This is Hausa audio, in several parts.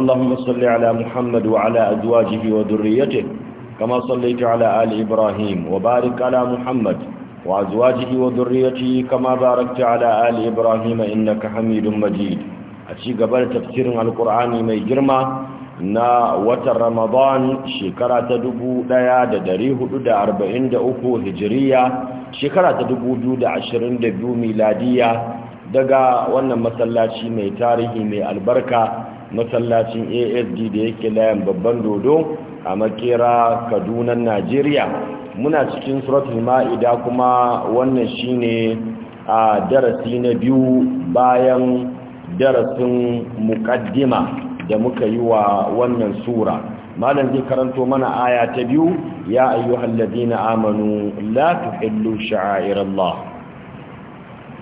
اللهم صل على محمد وعلى أزواجه وذريته كما صليت على آل إبراهيم وبارك على محمد وأزواجه وذريته كما باركت على آل إبراهيم إنك حميد مجيد أشي قبل تفسير القرآن ما na watan ramadan shekara ta dubu da da da hudu arba'in uku hijiriya shekara ta dubu biyu da da ashirin biyu miladiya daga wannan masallaci mai tarihi mai albarka masallacin asd da yake layan babban dodo a makera kaduna najeriya muna cikin suratul ma'ida kuma wannan shine a darasi na biyu bayan darasin mukaddima da muka yi wa wannan sura malam zai karanto mana aya ta biyu ya ayyuhallazina amanu la tuhillu sha'airallah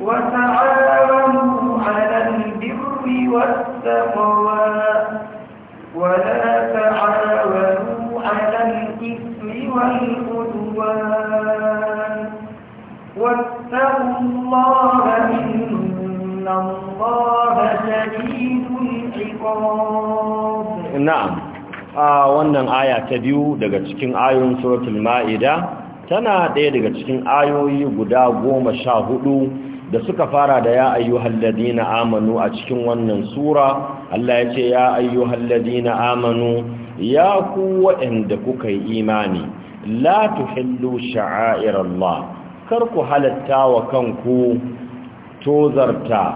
وتعاونوا على البر والتقوى ولا تعاونوا على الإثم والعدوان واتقوا الله إن الله شديد العقاب نعم a آه، wannan aya ta biyu daga cikin ayoyin suratul tana ɗaya daga cikin ayoyi guda goma sha hudu da suka fara da ya halladi na amanu a cikin wannan sura Allah ya ce ya halladi na amanu ya ku waɗanda kuka yi imani la sha'a'ir Allah kar ku halatta wa kanku tozarta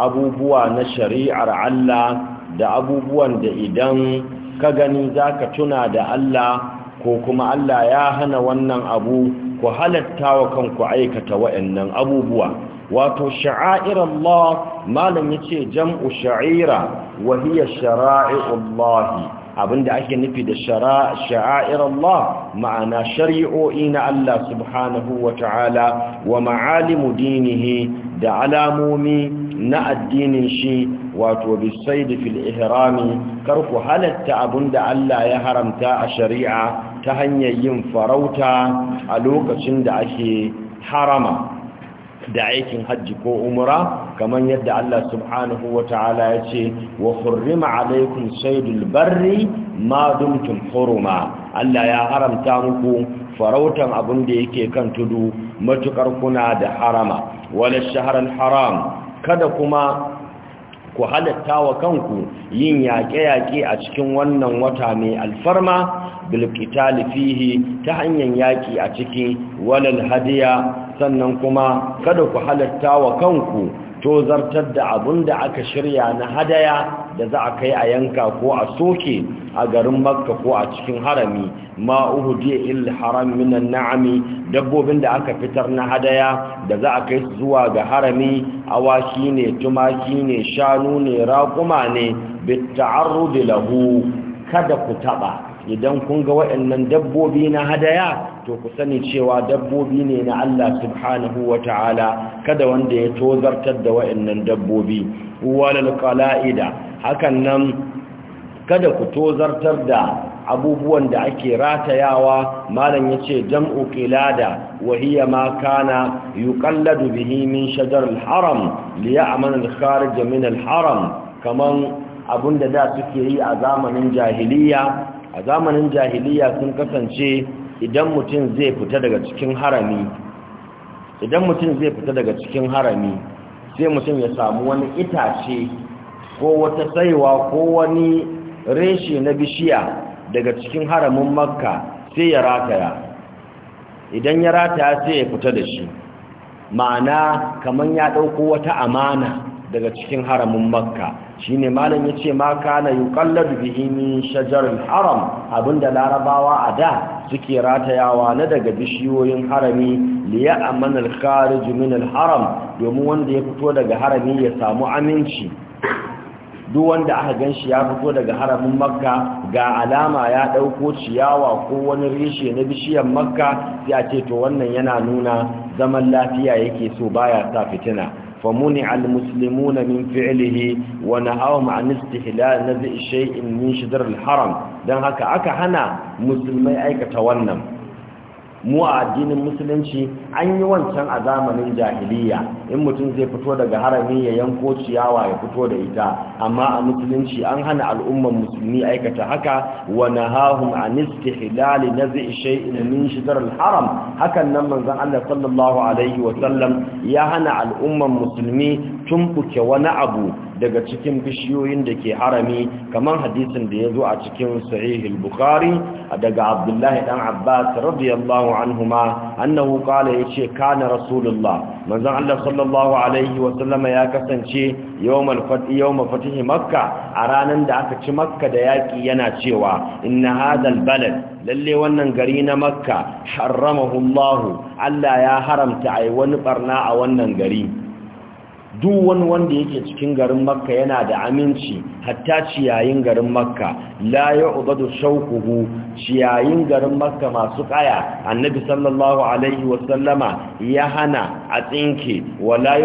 abubuwa na shari'ar Allah da abubuwan da idan ka gani za ka tuna da Allah ko kuma Allah ya hana wannan abu ku halatta wa kanku aikata wa'annan abubuwa wato sha'air malam yace jam'u sha'ira wa hiya shara'i'u abinda ake nufi da sha'air ma'ana shari'o'i na Allah subhanahu wa ta'ala wa ma'alimu dinihi da alamomi na addinin shi wato bisaidi fil ihrami karku halatta abinda Allah ya haramta a shari'a ta hanyar yin farauta a lokacin da ake harama da aikin hajji ko umra kamar yadda Allah subhanahu wa ta'ala ya ce wa hurrima alaikum saidul barri ma dumtum huruma Allah ya haramta muku farautan abin da yake kan tudu matukar kuna da harama wala shahrul haram kada kuma ku halatta wa kanku yin yaƙe-yaƙe a cikin wannan wata mai alfarma bilkitali fihi ta hanyar yaƙi a ciki walal hadiya sannan kuma kada ku halatta wa kanku tozartar da abun da aka shirya na hadaya da za a kai a yanka ko a soke a garin makka ko a cikin harami ma uhudiya il haram minan na'ami dabbobin da aka fitar na hadaya da za a kai zuwa ga harami awaki ne tumaki ne shanu ne raƙuma ne bitta'arrudi lahu kada ku taɓa. idan kun ga waɗannan dabbobi na hadaya to ku sani cewa dabbobi ne na Allah subhanahu wa ta'ala kada wanda ya tozartar da wa'annan dabbobi walal qala'ida hakan nan kada ku tozartar da abubuwan da ake ratayawa malam yace jam'u qilada wa hiya ma kana yuqalladu bihi min shajar al-haram li ya'mana al-kharij min al-haram kaman abunda da suke yi a zamanin jahiliya a zamanin jahiliya sun kasance idan mutum zai fita daga cikin harami idan mutum zai fita daga cikin harami sai mutum ya samu wani itace ko wata saiwa ko wani reshe na bishiya daga cikin haramin makka sai ya rataya idan ya rataya sai ya fita da shi ma'ana kamar ya ɗauko wata amana daga cikin haramin makka shi shine malam ce maka na yi kallar bihimi shajar haram abinda larabawa a da suke ratayawa na daga bishiyoyin harami liya a manar kari min haram domin wanda ya fito daga harami ya samu aminci duk wanda aka gan shi ya fito daga haramin makka ga alama ya ɗauko ciyawa ko wani reshe na bishiyar makka sai a ce to wannan yana nuna zaman lafiya yake so baya sa fitina فمنع المسلمون من فعله ونهاهم عن استحلال نزع شيء من شجر الحرم دان هكا أكا هنا مسلمي أيكا تونم mu a addinin musulunci an yi wancan a zamanin jahiliya in mutum zai fito daga harami ya yanko ciyawa ya fito da ita amma a musulunci an hana al'umman musulmi aikata haka wa nahahum an istihlal naz'i shay'in min shidar al-haram hakan nan manzon Allah sallallahu alaihi wa sallam ya hana al'umman musulmi tumbuke wani abu daga cikin bishiyoyin da ke harami kamar hadisin da ya zo a cikin sahihul bukhari daga abdullahi dan abbas radiyallahu anhuma annahu qala yace kana rasulullah manzon Allah sallallahu alaihi wa sallama ya kasance yawmal fath yawma fatihi makka a ranan da aka ci makka da yaki yana cewa inna hadal balad lalle wannan gari na makka haramahu Allah Allah ya haramta ai wani barna a wannan gari duk wani wanda yake cikin garin makka yana da aminci hatta ciyayin garin makka la ya ubadu shawquhu ciyayin garin makka masu kaya annabi sallallahu alaihi wasallama ya hana a tsinke wala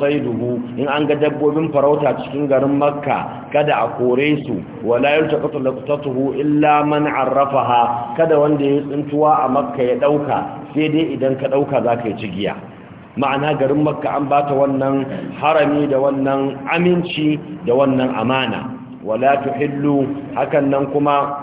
sai duhu in an ga dabbobin farauta cikin garin makka kada a kore su wala yaltaqatu laqtatuhu illa man arrafaha kada wanda ya tsintuwa a makka ya dauka sai dai idan ka dauka zaka yi cigiya ma'ana garin makka an ba ta wannan harami da wannan aminci da wannan amana wala tuhillu hakan nan kuma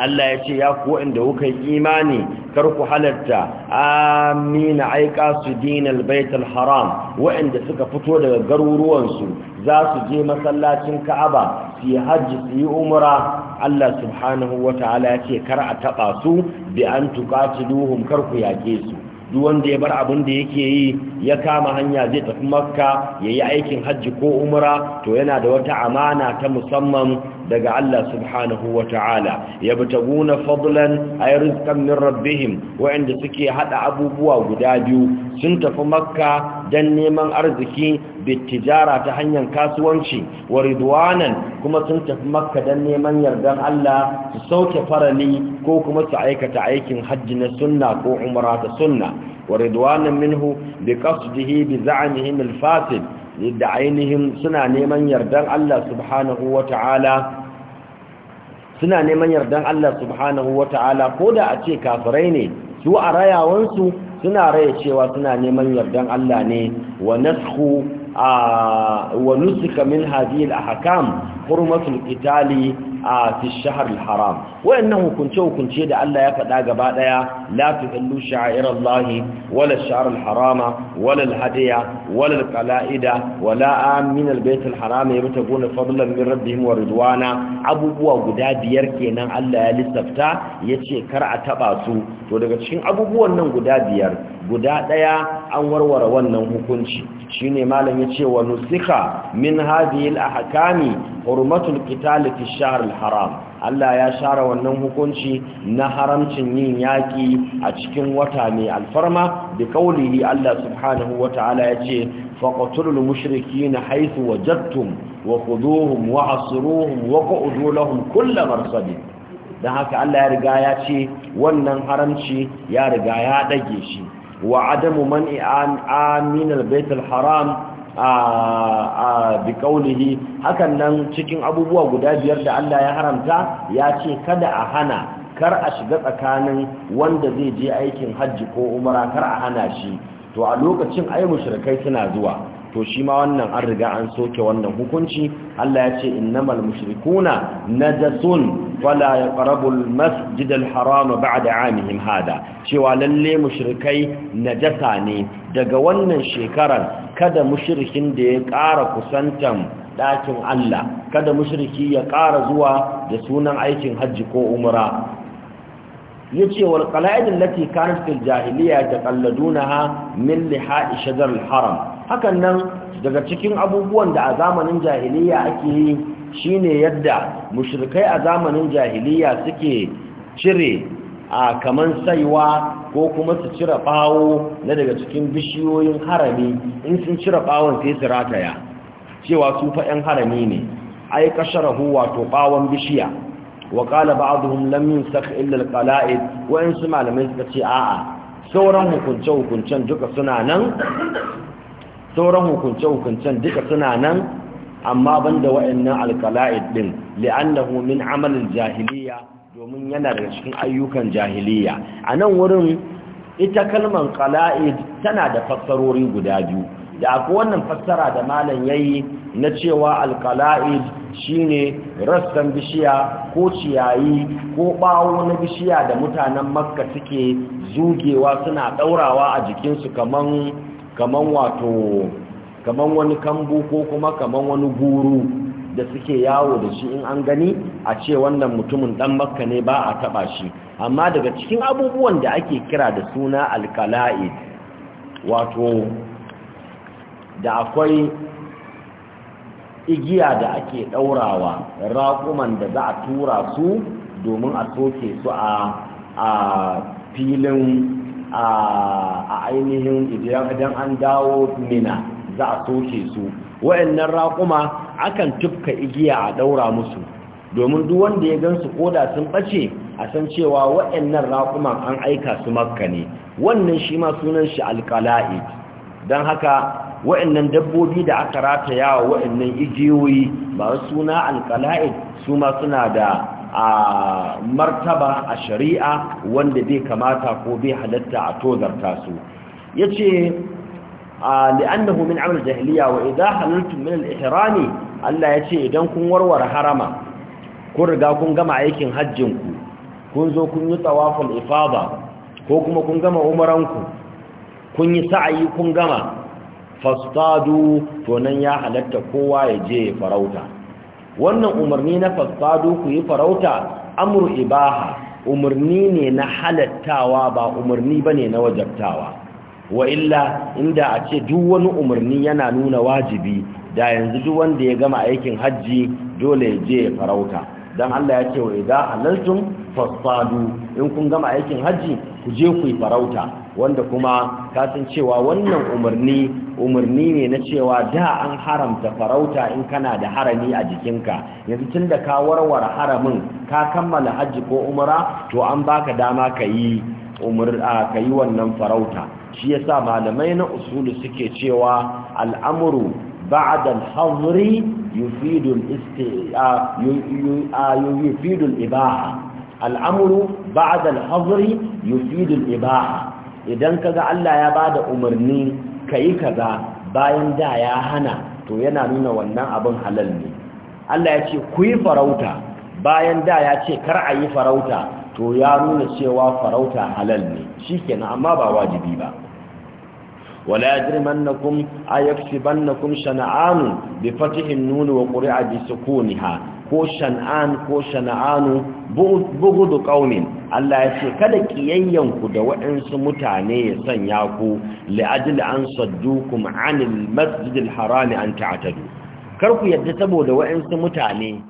Allah ya ce ya ku inda kuka yi imani kar ku halarta amina aika su dinal baitul haram waɗanda suka fito daga garuruwansu za su je masallacin ka'aba su yi hajji su yi umra Allah subhanahu wa ta'ala ya ce kar a taɓa su bi an tuƙatiluhum kar ku yaƙe su duk wanda ya bar abin da yake yi ya kama hanya zai tafi makka ya yi aikin hajji ko umra to yana da wata amana ta musamman daga Allah subhanahu wa ta'ala yabtaguna fadlan ay rizqan min rabbihim wa'inda suke haɗa abubuwa guda biyu sun tafi makka dan neman arziki bittijara ta hanyar kasuwanci wa ridwanan kuma sun tafi makka dan neman yardan Allah su sauke farali ko kuma su aikata aikin hajji na sunna ko umrata ta sunna wa ridwanan minhu biqasdihi bi za'mihim al-fasid da ainihin suna neman yardan Allah subhanahu ta'ala suna neman Allah subhanahu ko da a ce kafirai ne su a rayawansu suna raya cewa suna neman yarda Allah ne wa nasku wa nusika min hadhihi al-ahkam hurmatul qitali a fi shahr al-haram wayannan hukunce hukunce da Allah ya faɗa gaba daya la tuhillu sha'irallahi wala ash al-harama wala al-hadiya wala al-qala'ida wala min al-bayt al-haram yabtaguna fadlan min rabbihim wa ridwana abubuwa guda biyar kenan Allah ya lissafta yace kar a taba su to daga cikin abubuwan nan guda biyar guda daya an warware wannan hukunci shine malam yace wa nusika min hadhihi al-ahkami hurmatul qitali fi shahr al-haram Allah ya share wannan hukunci na haramcin yin yaki a cikin wata mai alfarma bi kaulihi Allah subhanahu wata'ala yace faqtulul mushrikin haythu wajadtum wa khuduhum wa asruhum wa qu'udu lahum kull marsad dan haka Allah ya riga ya ce wannan haramci ya riga ya dage shi wa adamu man'i an aminal baitul haram a bi kaulihi hakan nan cikin abubuwa guda biyar da Allah ya haramta ya ce kada a hana kar a shiga tsakanin wanda zai je aikin hajji ko umara kar a hana shi to a lokacin ai mushrikai suna zuwa to shi ma wannan an riga an soke wannan hukunci Allah ya ce innamal mushrikuna najasun fala yaqrabul masjidal harama ba'da 'amihim hada cewa lalle mushrikai najasa ne daga wannan shekarar kada mushrikin da ya ƙara kusantan ɗakin Allah kada mushriki ya ƙara zuwa da sunan aikin hajji ko umra yace wal qala'id allati kanat fil jahiliya taqalladunaha min liha'i shajar al haram hakan nan daga cikin abubuwan da a zamanin jahiliya ake yi shine yadda mushrikai a zamanin jahiliya suke cire a kaman saiwa ko kuma su cire bawo na daga cikin bishiyoyin harami in sun cire bawon sai su rataya cewa su fa ɗan harami ne ai kasharahu wato bawon bishiya wa qala ba'dhum lam yunsak illa al-qala'id wa in su malamai suka ce a'a sauran hukunce hukuncen duka suna nan sauran hukunce-hukuncen duka suna nan amma ban banda wa'annan alkala'id din li'annahu min amalin jahiliya domin yana daga cikin ayyukan jahiliya a nan wurin ita kalman kala'id tana da fassarori guda biyu da aka wannan fassara da malam yayi na cewa shi shine rassan bishiya ko ciyayi ko ɓawo na bishiya da mutanen makka suke zugewa suna ɗaurawa a jikinsu kamar. kaman wato kaman wani kambu ko kuma kaman wani guru da suke yawo da shi in an gani a ce wannan mutumin dan makka ne ba a taba shi amma daga cikin abubuwan da ake kira da suna alkala'i wato da akwai igiya da ake daurawa raƙuman da za a tura su domin a soke su a filin a ainihin idan an dawo mina za a soke su wa'annan raƙuma akan tufka igiya a daura musu domin duk wanda ya gansu koda sun bace a san cewa wa'annan raƙuman an aika su makka ne wannan shi ma sunan shi alqala'i dan haka wa'annan dabbobi da aka rataya wa wa'annan igiyoyi ba suna alqala'i su ma suna da a martaba a shari'a wanda bai kamata ko bai halatta a tozarta su ya ce li'annahu min amir jahiliya wa idha halittun min al'ihirani Allah ya ce idan kun warware harama kun riga kun gama aikin hajjinku kun zo kun yi tsawafin ifada ko kuma kun gama umaranku kun yi sa'ayi kun gama To tonan ya halatta kowa ya je farauta wannan umarni na fasado ku yi farauta amur ibaha umarni ne na halattawa ba umarni bane na wajabtawa wa illa inda a ce duk wani umarni yana nuna wajibi da yanzu duk wanda ya gama aikin hajji dole ya je farauta dan Allah ya ce wa idza halaltum fasadu in kun gama aikin haji ku je ku yi farauta wanda kuma ka san cewa wannan umarni umarni ne na cewa da an haramta farauta in kana da harami a jikinka yanzu tun da ka warware haramin ka kammala haji ko umra to an baka dama ka yi umar ka yi wannan farauta shi yasa malamai na usulu suke cewa al'amuru بعد الحظر يفيد الاست يفيد الإباحة الأمر بعد الحظر يفيد الإباحة idan kaga Allah ya bada umarni kai kaza bayan da ya hana to yana nuna wannan abin halal ne Allah ya ce ku yi farauta bayan da ya ce kar a yi farauta to ya nuna cewa farauta halal ne shikenan amma ba wajibi ba ولا يجرمنكم أيكسبنكم شنعان بفتح النون وقرع بسكونها ko shan'an ko shan'anu bugudu ƙaunin Allah ya ce kada ƙiyayyanku da waɗansu mutane ya sanya ku la'ajil an saddukum anil masjidil harami an ta'atadu kar ku yadda saboda waɗansu mutane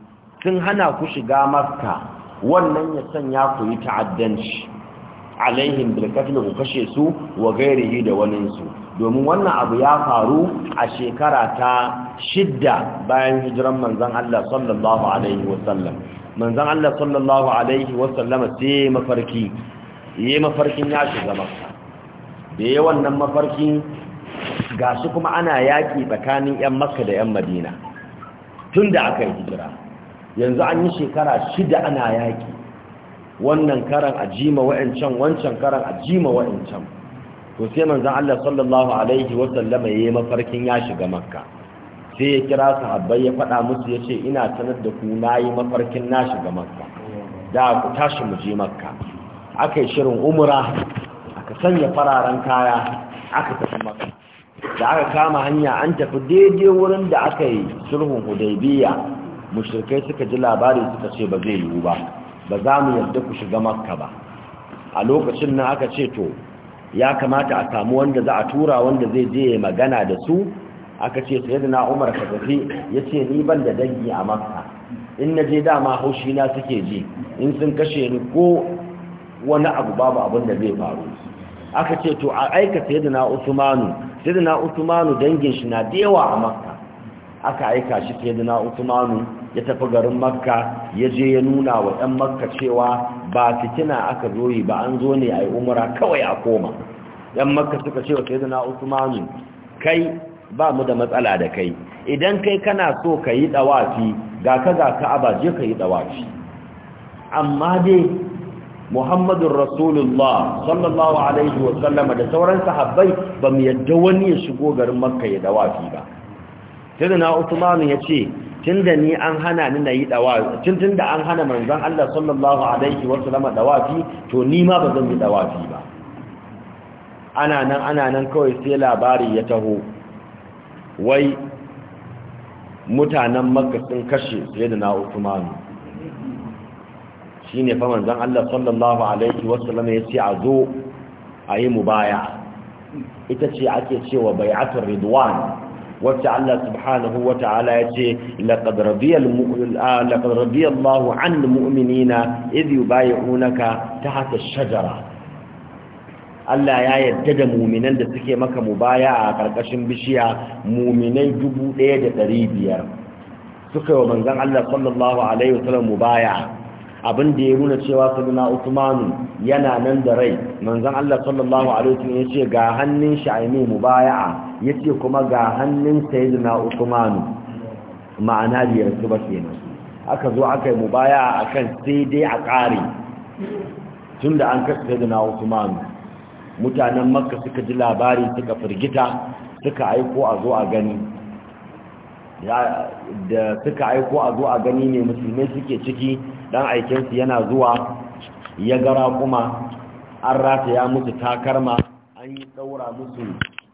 sun hana ku shiga makka wannan ya sanya ku yi ta'addanci alaihim bil ku kashe su wa ghairihi da waninsu domin wannan abu ya faru a shekara ta shidda bayan hijiran manzan Allah sallallahu alaihi wasallam manzan Allah sallallahu alaihi wasallama sai mafarki yi mafarkin ya shiga makka da ya wannan mafarkin gashi kuma ana yaƙi tsakanin 'yan makka da 'yan madina tun da aka yi hijira yanzu an yi shekara shida ana yaƙi wannan karan a jima wa'ancan wancan karan a jima wa'ancan to sai manzon Allah sallallahu alaihi wa sallama yayi mafarkin ya shiga makka sai ya kira sahabbai ya faɗa musu yace ina sanar da ku nayi mafarkin na shiga makka da ku tashi mu je makka aka yi shirin umra aka sanya fararen kaya aka tafi makka da aka kama hanya an tafi daidai wurin da aka yi sulhun hudaybiya mushrikai suka ji labari suka ce ba zai yiwu ba ba za mu yarda ku shiga makka ba a lokacin nan aka ce to ya kamata a samu wanda za a tura wanda zai je magana da su aka ce sai da na umar ka tafi ya ce ni ban da dangi a makka in na je dama haushi na suke ji in sun kashe ni ko wani abu babu abin da zai faru aka ce to a aika sai da na usmanu sai da na usmanu dangin shi na da yawa a makka aka aika shi sai da na usmanu ya tafi garin makka ya je ya nuna wa ɗan makka cewa ba fitina aka zo yi ba an zo ne a yi umara kawai a koma yan makka suka ce wa sai usmanu kai ba mu da matsala da kai idan kai kana so ka yi dawafi ga ka ga ka'aba je ka yi dawafi amma dai muhammadun rasulullah sallallahu alaihi wa sallama da sauran sahabbai ba mu yadda wani ya shigo garin makka ya dawafi ba sai usmanu ya ce tun da ni an hana ni na yi dawafi tun da an hana manzan Allah sallallahu alaihi wasallama dawafi to ni ma ba zan yi dawafi ba ana nan ana nan kawai sai labari ya taho wai mutanen makka sun kashe sai da na Uthman shine fa manzan Allah sallallahu alaihi wasallama ya ce a zo a yi mubaya ita ce ake cewa bai'atul ridwan wacce Allah subhanahu wa ta'ala ya ce laqad radiyallahu 'anil mu'minina idh yubayyi'unaka ta haka shajara Allah ya yarda da mu'minan da suke maka mubaya a karkashin bishiya mu'minai 1500 suka yi wa manzon Allah sallallahu alaihi wasallam mubaya abin da ya nuna cewa sayyidina Uthman yana nan da rai manzon Allah sallallahu alaihi wasallam yace ga hannun shi a mubaya'a yace kuma ga hannun sayyidina Uthman ma'ana da yarsu ba kenan aka zo aka yi mubaya'a akan sai dai a ƙare tunda an kashe sayyidina Uthman mutanen Makka suka ji labari suka firgita suka aiko a zo a gani da suka aiko a zo a gani ne musulmai suke ciki dan aikinsu yana zuwa ya gara kuma an rataya musu takarma an yi daura musu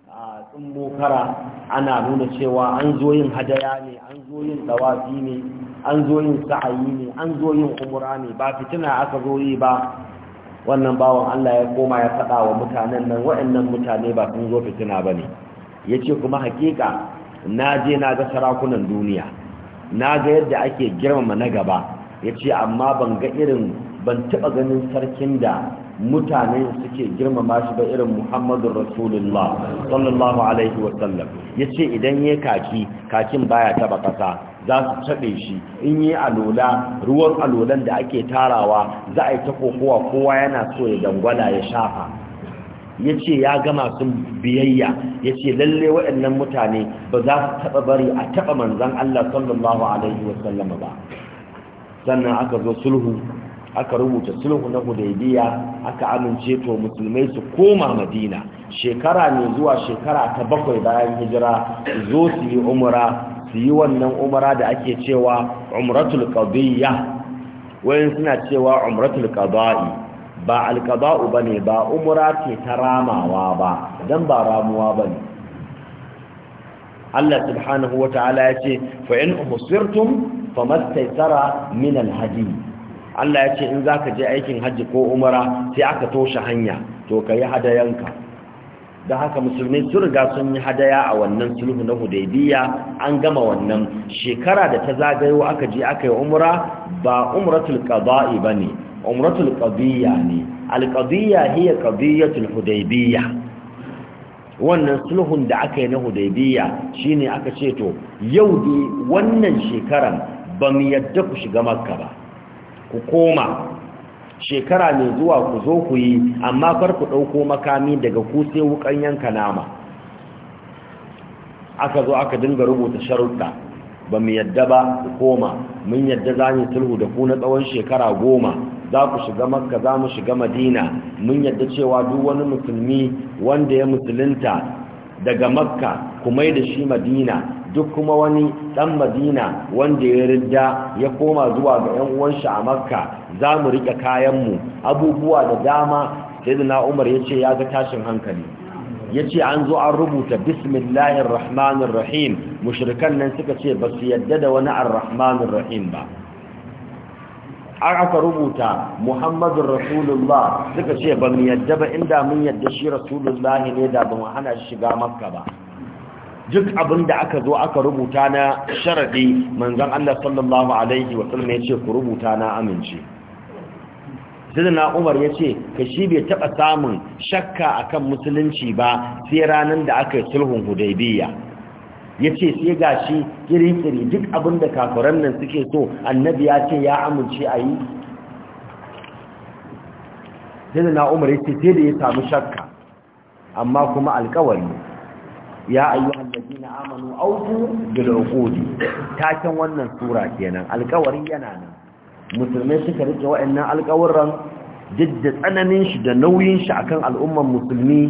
a kara ana nuna cewa an zo yin hadaya ne an zo yin dawafi ne an zo yin sa'ayi ne an zo yin umura ne ba fitina aka zo yi ba wannan bawan Allah ya koma ya faɗa wa mutanen nan waɗannan mutane ba sun zo fitina ba ne ya ce kuma hakika na je na ga sarakunan duniya na ga yadda ake girmama na gaba ya ce amma ban ga irin ban taɓa ganin sarkin da mutane suke girmama shi ba irin Muhammadu rasulullah sallallahu alaihi wasallam ya ce idan ya kaki kakin baya taɓa ƙasa za su taɓe shi in yi alola ruwan alolan da ake tarawa za a yi ta kowa yana so ya dangwala ya shafa ya ce ya gama sun biyayya ya ce lalle waɗannan mutane ba za su taɓa bari a taɓa manzan Allah sallallahu Alaihi wasallam ba sannan aka zo sulhu aka rubuta sulhu na hudaybiya aka amince to musulmai su koma madina shekara ne zuwa shekara ta bakwai bayan hijira zo su yi umara su yi wannan umara da ake cewa umratul qadiyya wayan suna cewa umratul qada'i ba alkaba'u ba ne ba umura ce ta ramawa ba don ba ramuwa ba ne Allah subhanahu wa ta'ala ya ce fa'in musirtum fa mastaitara min alhaji Allah ya ce in za ka je aikin hajji ko umara sai aka toshe hanya to ka yi hadayanka da haka musulmi sun riga sun yi hadaya a wannan sulhu na hudaybiya an gama wannan shekara da ta zagayo aka je aka yi umra ba umratul qada'i bane umratul qadiyya ne alƙabiya hiya qadiyatul hudaybiyya wannan sulhun da aka yi na hudaybiyya shine aka ce to yau dai wannan shekaran ba mu yadda ku shiga makka ba ku koma shekara mai zuwa ku zo ku yi amma kar ku ɗauko makami daga ku sai wukan yanka nama aka zo aka dinga rubuta sharuɗa ba mu yadda ba ku koma mun yadda za sulhu da ku na tsawon shekara goma za ku shiga makka za mu shiga madina mun yadda cewa duk wani musulmi wanda ya musulunta daga makka kuma da shi madina duk kuma wani dan madina wanda ya ridda ya koma zuwa ga yan uwanshi a makka za mu rike kayan mu. abubuwa da dama sai da na umar ya ce ya ga tashin hankali ya ce an zo an rubuta bismillahir rahmanir rahim mushrikan nan suka ce ba su yadda da wani ar rahmanir rahim ba an aka rubuta muhammadun rasulullah suka ce ba mu yadda ba inda mun yadda shi rasulullah ne da ba mu hana shiga makka ba duk abin da aka zo aka rubuta na sharaɗi manzon Allah sallallahu alaihi wa sallam ya ce ku rubuta na amince sidina umar ya ce ka shi bai taɓa samun shakka akan musulunci ba sai ranar da aka yi sulhun hudaybiya ya ce sai ga shi kirikiri duk abin da kafiran nan suke so annabi ya ce ya amince a yi sai da na ya ce sai da ya samu shakka amma kuma alkawari ya ayi allazi na amanu auku da uqudi taken wannan sura kenan alkawari yana nan musulmai suka rike waɗannan alkawuran jidda tsananin shi da nauyin shi akan al'ummar musulmi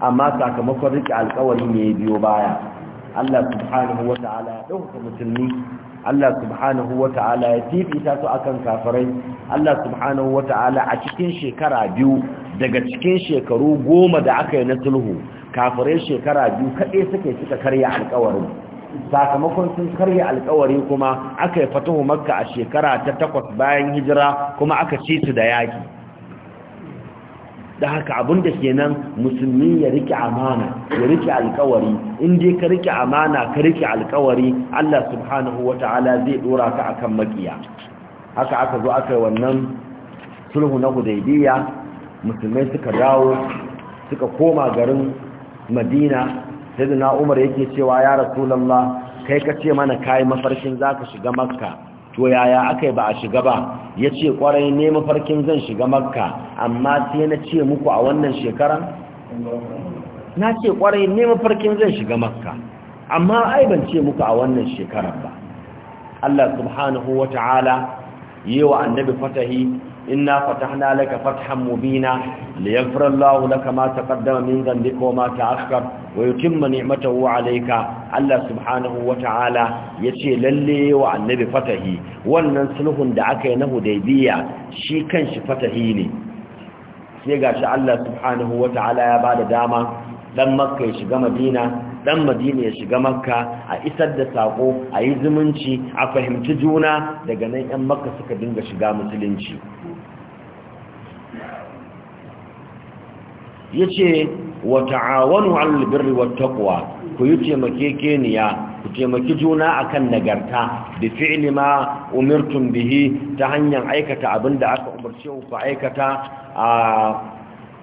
amma sakamakon rike alkawari ne biyo baya Allah subhanahu wa ta'ala ya ɗauka musulmi Allah subhanahu wa ta'ala ya fifita su akan kafirai Allah subhanahu wa ta'ala a cikin shekara biyu daga cikin shekaru goma da aka yi na sulhu kafirai shekara biyu kaɗai suke suka karya alkawarin sakamakon sun karya alkawari kuma aka yi fatahu makka a shekara ta takwas bayan hijira kuma aka ci su da yaƙi da haka abinda kenan musulmi ya rike amana ya rike alkawari in dai ka rike amana ka rike alkawari Allah subhanahu wataala zai dora ka akan makiya haka aka zo aka yi wannan sulhu na hudaybiya musulmai suka dawo suka koma garin Madina sayyidina Umar yake cewa ya Rasulullah kai ka ce mana kai mafarkin zaka shiga Makka to yaya aka yi ba a shiga ba ya ce kwarai ne mafarkin zan shiga makka amma sai na ce muku a wannan shekaran na ce kwarai ne mafarkin zan shiga makka amma ai ban ce muku a wannan shekaran ba Allah subhanahu wa ta'ala yi wa annabi fatahi inna fatahna laka fathan mubina liyaghfira Allahu laka ma taqaddama min dhanbika wa ma ta'akhkhar wa yutimma ni'matahu 'alayka Allah subhanahu wa ta'ala yace lalle wa annabi fatahi wannan sulhun da aka yi na Hudaybiyya shi kanshi fatahi ne sai gashi Allah subhanahu wa ta'ala ya bada dama dan Makka ya shiga Madina dan Madina ya shiga Makka a isar da sako a yi zumunci a fahimci juna daga nan 'yan Makka suka dinga shiga musulunci yace wa ta'awanu 'alal birri wat ku yi taimake keniya ku taimaki juna akan nagarta da fi'li ma umirtum bihi ta hanyar aikata abinda aka umarci ku aikata a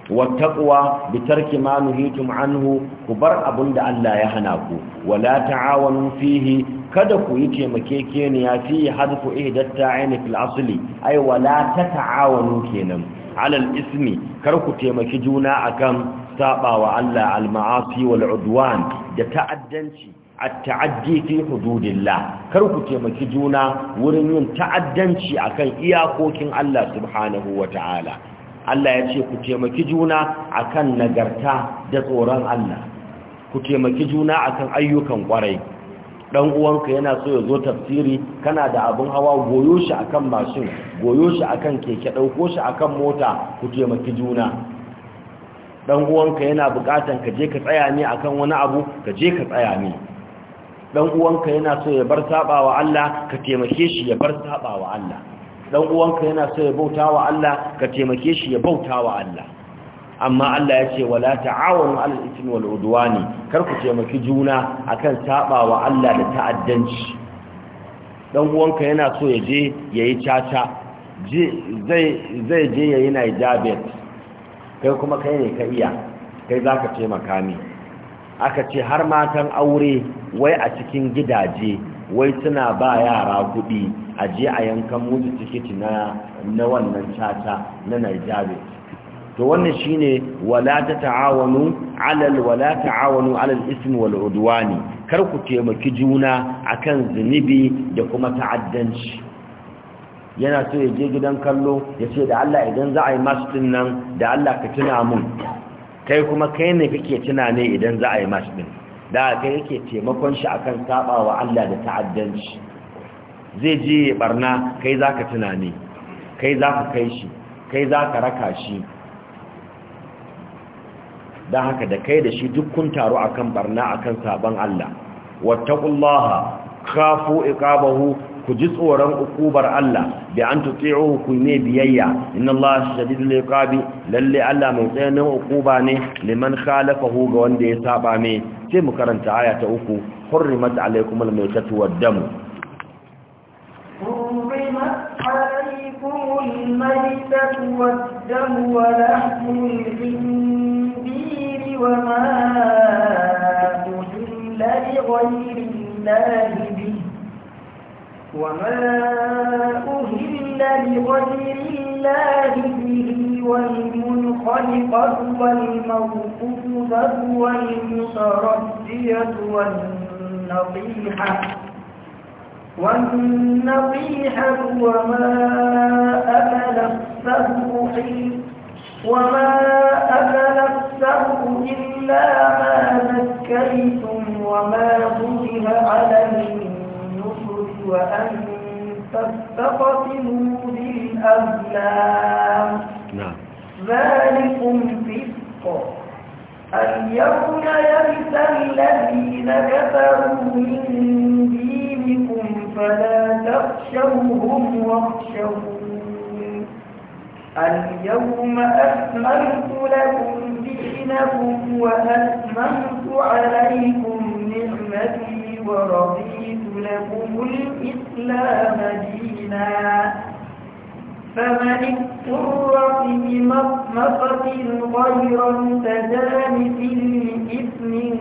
wattaqwa bi tarki ma nuhitum anhu ku bar abinda Allah ya hana ku wala ta'awanu fihi kada ku yi taimakekeniya fi hadfu ihdatta aini fil asli ay wala tata'awanu kenan alal ismi kar ku taimaki juna akan sabawa Allah al ma'asi wal udwan da ta'addanci at-ta'addi fi hududillah kar ku taimaki juna wurin yin ta'addanci akan iyakokin Allah subhanahu wa ta'ala Allah ya ce ku taimaki juna akan nagarta da tsoron Allah ku taimaki juna akan ayyukan kwarai dan uwanka yana so ya zo tafsiri kana da abin hawa goyo shi akan mashin goyo shi akan keke ɗauko shi akan mota ku taimaki juna dan uwanka yana bukatan ka je ka tsaya ne akan wani abu ka je ka tsaya ne dan uwanka yana so ya bar sabawa Allah ka taimake shi ya bar sabawa Allah dan uwanka yana so ya bauta wa Allah ka taimake shi ya bauta wa Allah amma Allah ya ce wala ta'awanu 'alal ithmi wal udwani kar ku taimaki juna akan wa Allah da ta'addanci dan uwanka yana so ya je yayi caca zai zai je yayi naijabet kai kuma kai ne ka iya kai zaka taimaka ni aka ce har matan aure wai a cikin gidaje wai suna ba yara kuɗi a je a yankan musu tikiti na wannan cata na Nigeria to wannan shine wala ta ta'awanu alal wala ala alal ism wal udwani kar ku taimaki juna akan zunubi da kuma ta'addanci yana so ya je gidan kallo ya ce da Allah idan za a yi masu din nan da Allah ka tuna mun kai kuma kai ne kake tuna ne idan za a yi masu din da ga yake taimakon shi akan saba wa Allah da ta'addanci zai je barna kai zaka tunani kai zaka kai shi kai zaka raka shi dan haka da kai da shi duk kun taru akan barna akan saban Allah wattaqullaha khafu iqabahu ku ji tsoron ukubar Allah da an tuti'u ku ne biyayya inna Allah shadidul iqabi lalle Allah mai tsananin ukuba ne liman khalafahu ga wanda ya saba me sai mu karanta aya ta uku hurrimat alaykum al-maytatu wad-dam hurrimat alaykum al-maytatu wad-dam wa lahmul khinzir wa ma أهل وما أهل لغير الله به والمنخلقة والموقوفة والمتردية والنطيحة والنطيحة وما أكل السبع وما أكل السبع إلا ما ذكيتم وما ظهر على الإنسان وأن تستقسموا بالأزلام نعم ذلكم فسق اليوم يئس الذين كفروا من دينكم فلا تخشوهم واخشوني اليوم أكملت لكم دينكم وأتممت عليكم نعمتي ورضيت لكم الإسلام دينا فمن اضطر في مطمقة غير متجانس لإثم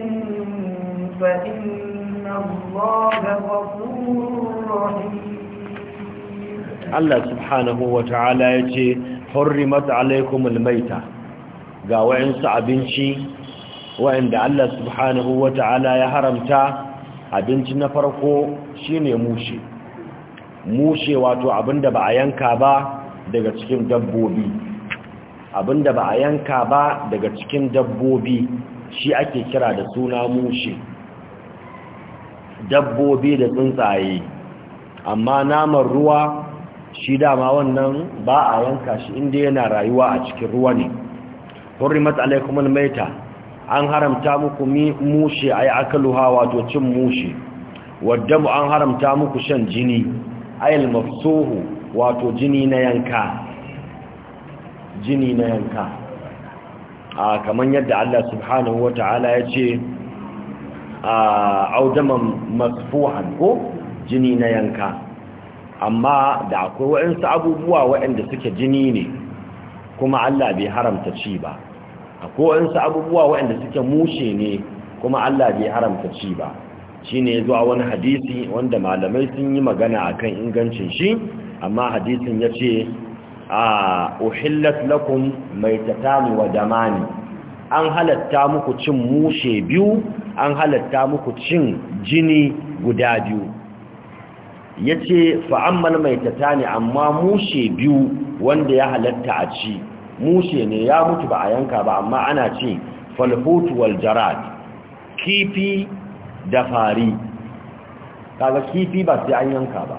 فإن الله غفور رحيم الله سبحانه وتعالى يجي حرمت عليكم الميتة قاوعن سعبنشي وعند الله سبحانه وتعالى يهرمتا abinci na farko shi ne mushe mushe wato abinda ba a yanka ba daga cikin dabbobi abinda ba a yanka ba daga cikin dabbobi shi ake kira da suna mushe dabbobi da tsuntsaye amma naman ruwa shi dama wannan ba a yanka shi inda yana rayuwa a cikin ruwa ne matsalai kuma maita an haramta muku mushi ay akaluha wato cin mushe. waddamu an haramta muku shan jini ayil mafsuhu wato jini na yanka jini na yanka a kaman yadda Allah subhanahu wataala ya ce a audaman masfuhan ko jini na yanka amma da akwai waɗansu abubuwa waɗanda suke jini ne kuma Allah bai haramta ci ba Ko wasu abubuwa waɗanda suke mushe ne kuma Allah bai haramta ci ba shine ne zuwa wani hadisi wanda malamai sun yi magana a kan ingancin shi amma hadisin ya ce, a uhillat lakum maitatani wa damani an halatta muku cin mushe biyu an halatta muku cin jini guda biyu Ya yace fa'amman ammal maitatani amma mushe biyu wanda ya halatta a ci mushe ne ya mutu ba a yanka ba amma ana ce falhutu wal jarad kifi da fari kaga kifi ba sai an yanka ba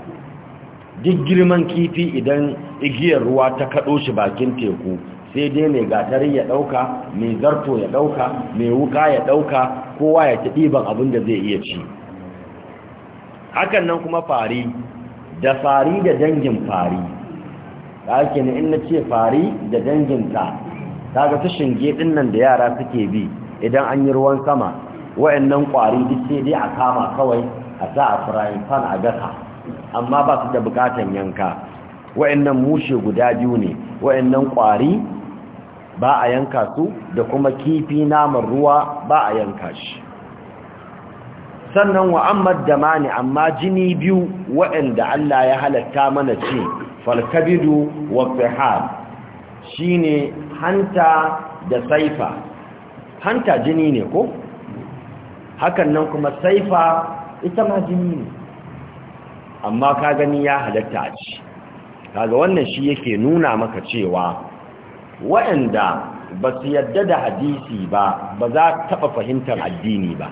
duk girman kifi idan igiyar ruwa ta kaɗo shi bakin teku sai dai mai gatari ya ɗauka mai zarto ya ɗauka mai wuka ya ɗauka kowa ya ci ɗiban abin da zai iya ci hakan nan kuma fari da fari da dangin fari da ake ne in na ce fari da danginta ta ga su shinge ɗin nan da yara suke bi idan an yi ruwan sama wa'annan ƙwari duk sai dai a kama kawai a sa a frying fan a gasa amma ba su da bukatan yanka wa'annan mushe guda biyu ne wa'annan ƙwari ba a yanka su da kuma kifi naman ruwa ba a yanka shi sannan wa'ammar da mani amma jini biyu wa'anda Allah ya halatta mana ce falkabidu wa fihar shine hanta da saifa hanta jini ne ko hakan nan kuma saifa ita ma jini ne amma ka gani ya halatta a ci kaga wannan shi yake nuna maka cewa waɗanda ba su yadda da hadisi ba ba za taɓa fahimtar addini ba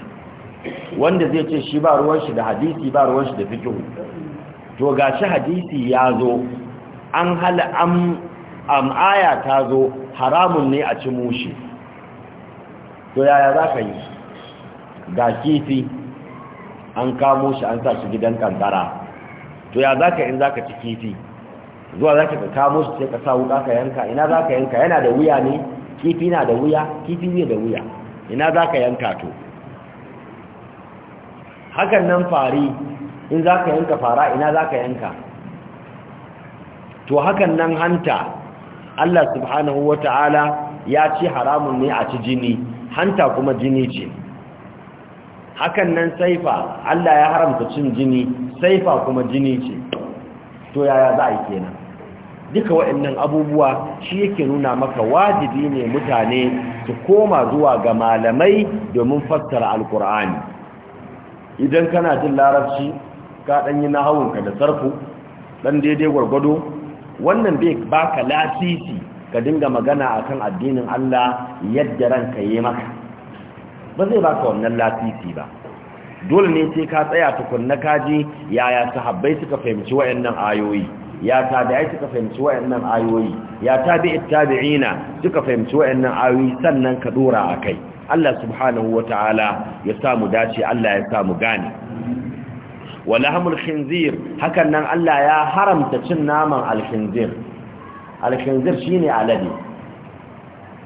wanda zai ce shi ba ruwan shi da hadisi ba ruwan shi da fikihu to gashi hadisi ya zo an hal am aya ta zo haramun ne a ci mushi to yaya za ka yi ga kifi an kamo shi an sa shi gidan kankara to ya za ka in za ka ci kifi zuwa za ka kamo shi sai ka sa wuka ka yanka ina za ka yanka yana da wuya ne kifi na da wuya kifi ne da wuya ina za ka yanka to hakan nan fari in za ka yanka fara ina za ka yanka to hakan nan hanta Allah subhanahu wata'ala ya ci haramun ne a ci jini hanta kuma jini ce hakan nan saifa Allah ya haramta cin jini saifa kuma jini ce to yaya za a yi kenan duka waɗannan abubuwa shi yake nuna maka wajibi ne mutane su koma zuwa ga malamai domin fassara alkur'ani idan kana jin larabci ka ɗanyi nahawunka da sarfu ɗan daidai gwargwado wannan bai baka lasisi ka dinga magana akan addinin Allah yadda ranka yi maka ba zai baka wannan lasisi ba dole ne sai ka tsaya tukunna kaji yaya sahabbai suka fahimci wayannan ayoyi ya ai suka fahimci wayannan ayoyi ya tabi'i ittabi'ina suka fahimci wayannan ayoyi sannan ka dora akai Allah subhanahu wataala ya samu dace Allah ya samu gane wa khinzir hakan nan Allah ya haramta cin naman al-khinzir al-khinzir shine alade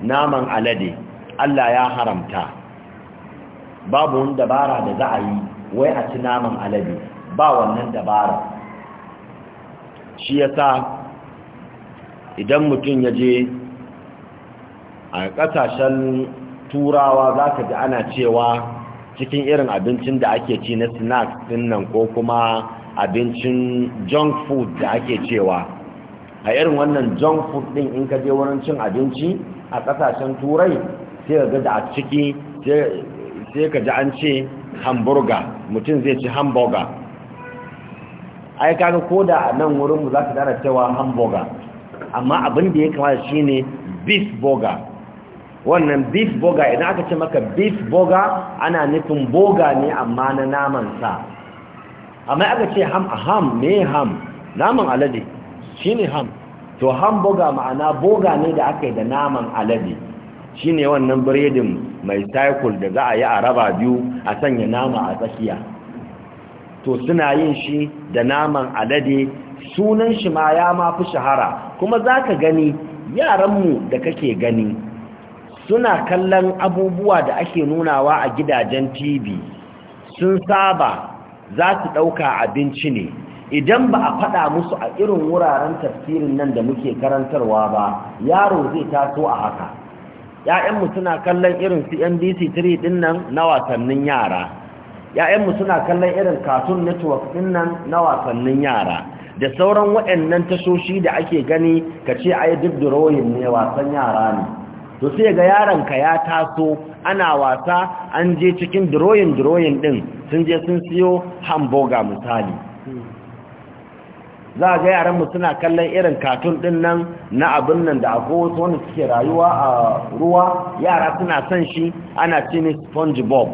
naman alade Allah ya haramta babu wani dabara da za a yi wai a ci naman alade ba wannan dabara shi yasa idan mutum ya je a ƙasashen turawa za ka ji ana cewa cikin irin abincin da ake ci na snacks din nan ko kuma abincin junk food da ake cewa a irin wannan junk food din in ka je wurin cin abinci a kasashen turai sai ka a ciki sai ka ji an ce hamburger mutum zai ci hamburger ai kaga ko da nan wurin mu za ka dara cewa hamburger amma abin da ya kamata shine beef burger wannan beef burger idan aka ce maka beef burger ana nufin boga ne amma na naman sa amma aka ce ham ham me ham naman alade shine ham to ham boga ma'ana boga ne da aka yi da naman alade shine wannan biredin mai cycle da za a yi a raba biyu a sanya nama a tsakiya to suna yin shi da naman alade sunan shi ma ya mafi shahara kuma za ka gani yaranmu da kake gani suna kallon abubuwa da ake nunawa a gidajen tv sun saba za su ɗauka abinci ne idan ba a faɗa musu a irin wuraren tafsirin nan da muke karantarwa ba yaro zai taso a haka ‘ya'yanmu suna kallon irin cnbc 3 ɗin nan na wasannin yara ‘ya'yanmu suna kallon irin cartoon network ɗin nan na wasannin yara da sauran waɗannan tashoshi da ake gani ka ce ai duk drawing ne wasan yara ne to sai ga yaronka ya taso ana wasa an je cikin drawing drawing din sun je sun siyo hamburger misali za ga yaran mu suna kallon irin katun din nan na abin nan da akwai wasu wanda suke rayuwa a ruwa yara suna son shi ana ce ne SpongeBob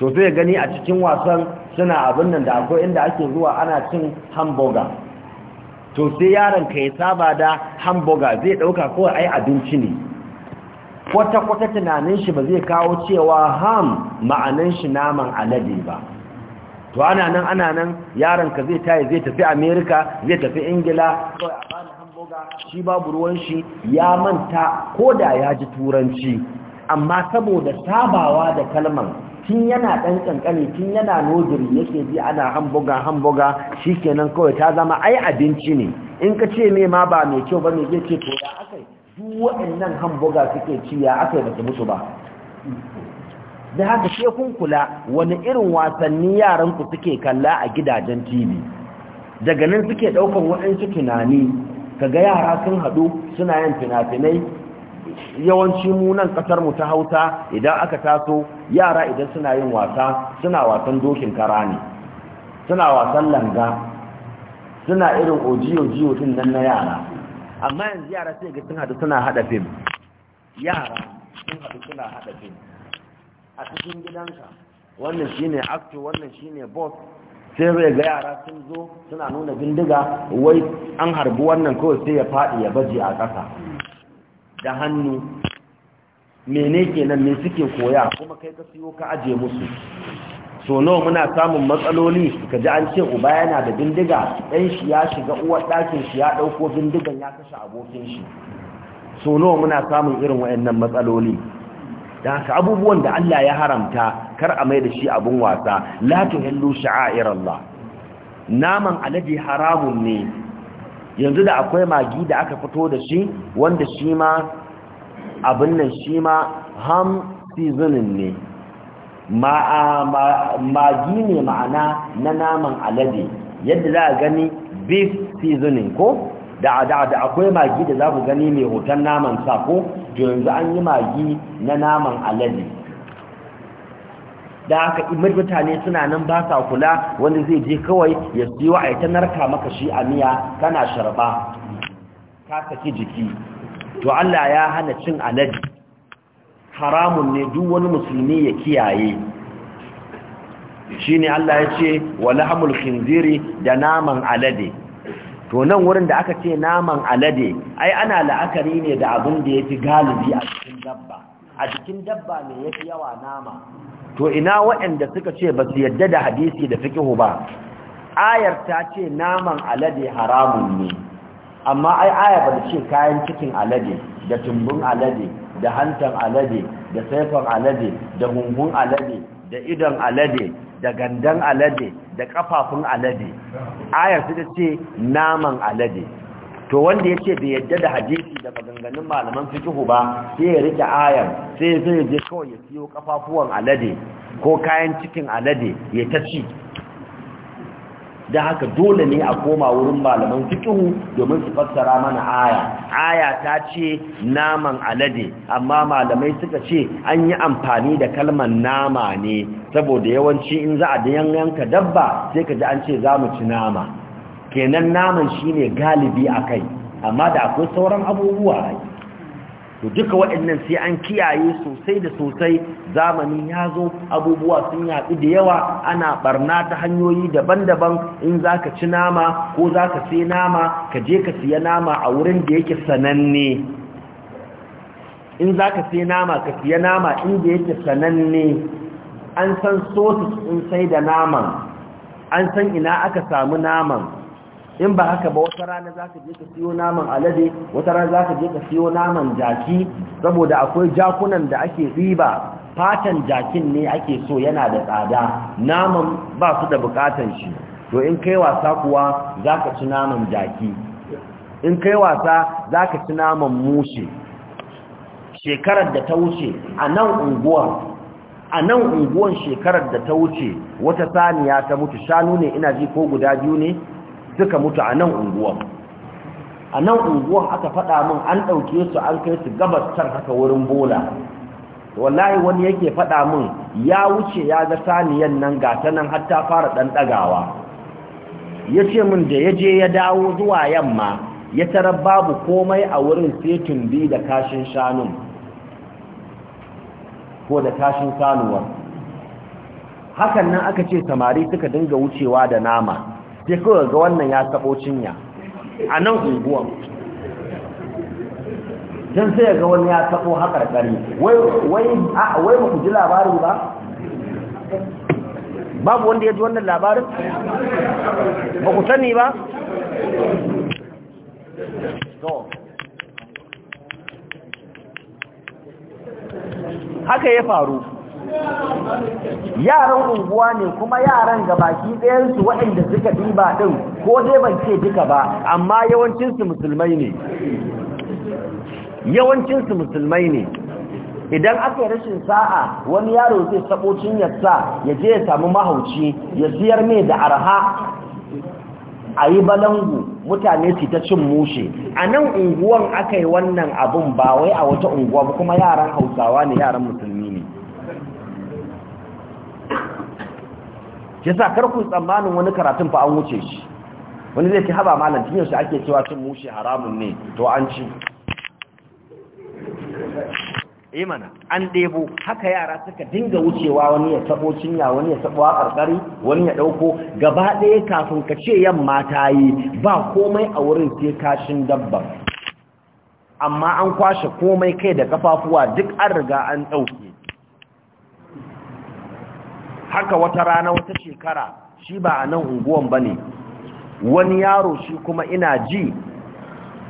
to sai gani a cikin wasan suna abin nan da akwai inda ake zuwa ana cin hamburger to sai yaron ya saba da hamburger zai dauka ko ai abinci ne kwata-kwata tunanin shi ba zai kawo cewa ham ma'anin shi naman alade ba to ana nan ana nan yaron ka zai tayi zai tafi Amerika, zai tafi ingila kawai a bani hamburger shi babu ruwan shi ya manta ko da ya ji turanci amma saboda sabawa da kalman tun yana ɗan ƙanƙani tun yana nodiri yake ji ana hamburger hamburger shikenan kawai ta zama ai abinci ne in ka ce me ma ba mai kyau ba ne zai ce to da duk waɗannan hamburger suke ci ya aka yi basu musu ba da haka she kun kula wani irin wasanni yaran ku suke kalla a gidajen TV daga nan suke ɗaukar waɗansu tunani ka ga yara sun haɗu, suna yin fina-finai yawanci munan ƙasar mu ta hauta idan aka taso yara idan suna yin wasa suna wasan dokin kara ne suna wasan langa suna irin ojiyo jiyo tun nan na yara amma yanzu yara sai ga sun hadu suna hada fim yara sun hadu suna hada fim a cikin gidanka wannan shine acto wannan shine boss sai zai ga yara sun zo suna nuna bindiga wai an harbi wannan kawai sai ya faɗi ya baje a ƙasa da hannu mene kenan me suke koya kuma kai ka siyo ka aje musu so nawa muna samun matsaloli ka ji an ce uba yana da bindiga ɗan shi ya shiga uwar ɗakin shi ya ɗauko bindigan ya kashe abokin shi so nawa muna samun irin wayannan matsaloli da haka abubuwan da Allah ya haramta kar a mai da shi abun wasa la tuhillu sha'airallah naman alade haramun ne yanzu da akwai magi da aka fito da shi wanda shi ma abin nan shi ma ham seasoning ne magi ne ma'ana na naman alade yadda za a gani beef seasoning ko da da akwai magi da za ku gani mai hoton naman sa ko to yanzu an yi magi na naman alade da haka imar mutane suna nan ba sa kula wani zai je kawai ya siyo a ita narka maka shi a miya kana sharba ka saki jiki to Allah ya hana cin alade haramun ne duk wani musulmi ya kiyaye shine Allah ya ce lahamul khinziri da naman alade to nan wurin da aka ce naman alade ai ana la'akari ne da abin da ya fi galibi a cikin dabba a cikin dabba ne fi yawa nama to ina waɗanda suka ce ba su yadda da hadisi da fikihu ba ayar ta ce naman alade haramun ne amma ai Ayar ba da ce kayan cikin alade da tumbun alade da hantan alade da saifan alade da hunhun alade da idan alade da gandan alade da kafafun alade ayar su ta ce naman alade to wanda ya ce bai yadda da hadisi daga maganganun malaman fikihu ba sai ya rike ayar sai zai je kawai ya siyo kafafuwan alade ko kayan cikin alade ya ta ci da haka dole ne a koma wurin malaman fikihu domin su fassara mana aya aya ta ce naman alade amma malamai suka ce an yi amfani da kalmar nama ne saboda yawanci in za a yanka dabba sai ka ji an ce za mu ci nama kenan naman shine galibi a kai amma da akwai sauran abubuwa to duka waɗannan sai an kiyaye sosai da sosai zamani ya zo abubuwa sun yaɗu da yawa ana barna ta hanyoyi daban-daban in za ka ci nama ko za ka sai nama ka je ka siya nama a wurin da yake sananne in za ka sai nama ka siya nama inda yake sananne an san sosis in sai da naman an san ina aka samu naman in ba haka ba wata rana za ka je ka siyo naman alade wata rana za ka je ka siyo naman jaki saboda akwai jakunan da ake riba fatan jakin ne ake so yana da tsada naman ba su da bukatan shi to in kai wasa kuwa za ka ci naman jaki in kai wasa za ka ci naman mushe shekarar da ta wuce a nan unguwar a nan unguwan shekarar da ta wuce wata saniya ta mutu shanu ne ina ji ko guda biyu ne suka mutu a nan unguwa a nan unguwan aka faɗa min an ɗauke su an kai su tar haka wurin bola wallahi wani yake faɗa min ya wuce ya ga saniyan nan ga ta nan har ta fara ɗan ɗagawa ya ce min da ya je ya dawo zuwa yamma ya tarar babu komai a wurin setin bi da kashin shanun ko da kashin sanuwar hakan nan aka ce samari suka dinga wucewa da nama sai kawai ga wannan ya taɓo cinya a nan unguwan can sai ga wani ya taɓo haƙarƙari wai ba ku ji labarin ba babu wanda ya ji wannan labarin ba ku sani ba haka ya faru yaran unguwa ne kuma yaran ga baki ɗayansu waɗanda suka ɗiba ɗin ko dai ban ce duka ba amma yawancinsu musulmai ne yawancinsu musulmai ne idan aka rashin sa'a wani yaro zai sabo yasa ya je ya samu mahauci ya siyar mai da arha a yi balangu mutane su ta cin mushe a nan unguwan aka yi wannan abin ba wai a wata unguwa kuma yaran hausawa ne yaran musulmi ne yasa kar karku tsammanin wani karatun fa an wuce shi wani zai ci haba malam tun yaushe ake cewa cin mushi haramun ne to an ci imana eh an ɗebo haka yara suka dinga wucewa wani ya sabo cinya wani ya a ƙarƙari wani ya ɗauko, gaba ɗaya kafin ka ce yamma ta yi ba komai a wurin sai kashin dabba amma an kwashe komai kai da kafafuwa duk an riga an ɗauke. haka wata rana wata shekara shi ba a nan unguwan ba ne wani yaro shi kuma ina ji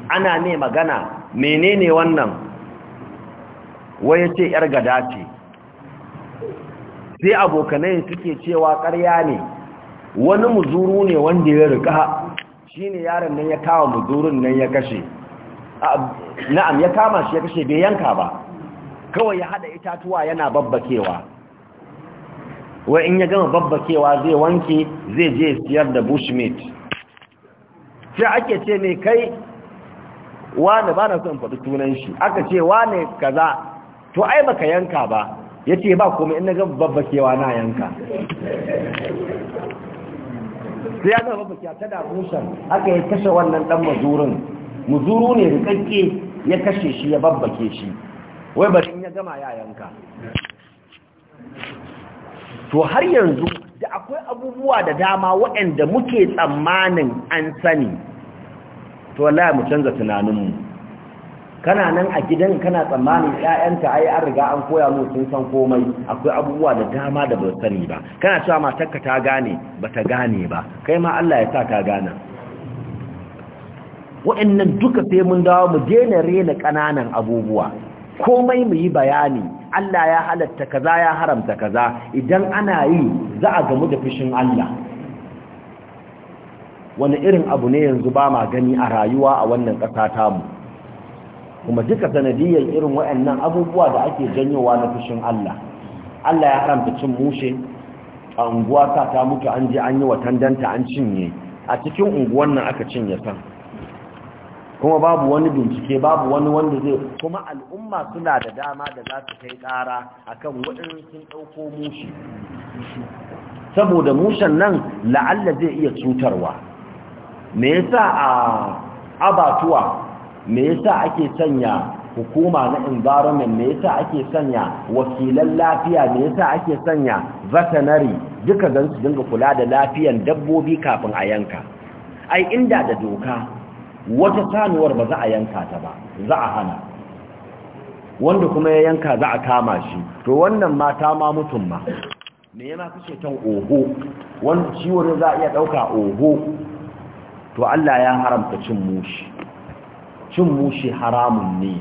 ana ne magana menene wannan waye ce yar gada ce sai abokanai suke cewa karya ne wani muzuru ne wanda ya rika shi ne yaron nan ya kawo muzurun nan ya kashe na'am ya kama shi ya kashe bai yanka ba kawai ya haɗa itatuwa yana babbakewa wai in ya gama babbakewa zai wanke zai je siyar da bushmeat sai ake ce mai kai wane ba na son faɗi tunan shi aka ce wane kaza to ai baka yanka ba ya ce ba komai in na gama babbakewa na yanka sai ya gama babbakewa ta damushan aka yi kashe wannan ɗan mazurin muzuru ne da rikakke ya kashe shi ya babbake shi wai bari in ya gama ya yanka to har yanzu da akwai abubuwa da dama waɗanda muke tsammanin an sani to wallahi mu canza tunaninmu kana nan a gidan kana tsammanin ƴaƴanka ai an riga an koya mu sun san komai akwai abubuwa da dama da ba sani ba kana cewa matarka ta gane bata gane ba kai ma Allah ya sa ka gane waɗannan duka sai mun dawo mu daina rena ƙananan abubuwa komai mu yi bayani Allah ya halatta kaza ya haramta kaza idan ana yi za a gamu da fushin Allah wani irin abu ne yanzu ba ma gani a rayuwa a wannan ƙasa mu? kuma duka sanadiyyar irin waɗannan abubuwa da ake janyowa na fushin Allah Allah ya haramta cin mushe a unguwa ta ta mutu an je an yi watandanta an cinye a cikin unguwan nan aka cinye san kuma babu wani bincike babu wani wanda zai kuma al'umma suna da dama da za su kai tsara akan waɗannan sun ɗauko mushi saboda mushen nan la'alla zai iya cutarwa me yasa a abatuwa me yasa ake sanya hukuma na environment me yasa ake sanya wakilan lafiya me yasa ake sanya veterinary duka don su dinga kula da lafiyan dabbobi kafin a yanka ai inda da doka wata sanuwar ba za a yanka ta ba za a hana wanda kuma ya yanka za a kama shi to wannan mata ma mutum ma me yana kashe ta oho wanda ciwo za a iya ɗauka oho to Allah ya haramta cin mushi cin mushi haramun ne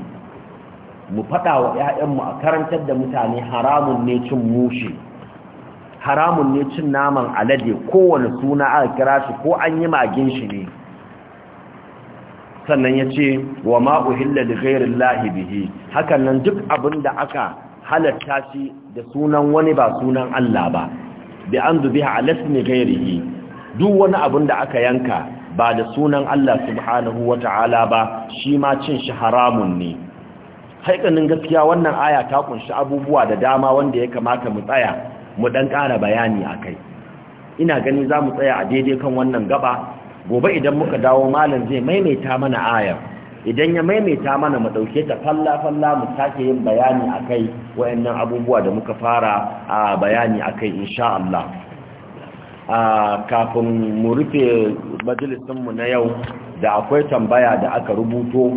mu fada wa ƴaƴanmu a karantar da mutane haramun ne cin mushi haramun ne cin naman alade kowane suna aka kira shi ko an yi magin shi ne sannan ya ce wa ma'uhilla da gairin lahibihi hakan nan duk abin da aka halatta shi da sunan wani ba sunan Allah ba bi an dubi alasmi gairihi duk wani abin da aka yanka ba da sunan Allah subhanahu wa ta'ala ba shi ma cin shi haramun ne haikanin gaskiya wannan aya ta kunshi abubuwa da dama wanda ya kamata mu tsaya mu ɗan ƙara bayani a kai ina gani za mu tsaya a daidai kan wannan gaba gobe idan muka dawo malam zai maimaita mana ayar idan ya maimaita mana mu dauke ta falla falla mu sake yin bayani akai wayannan abubuwa da muka fara a bayani akai insha Allah a kafin mu rufe majalisin mu na yau da akwai tambaya da aka rubuto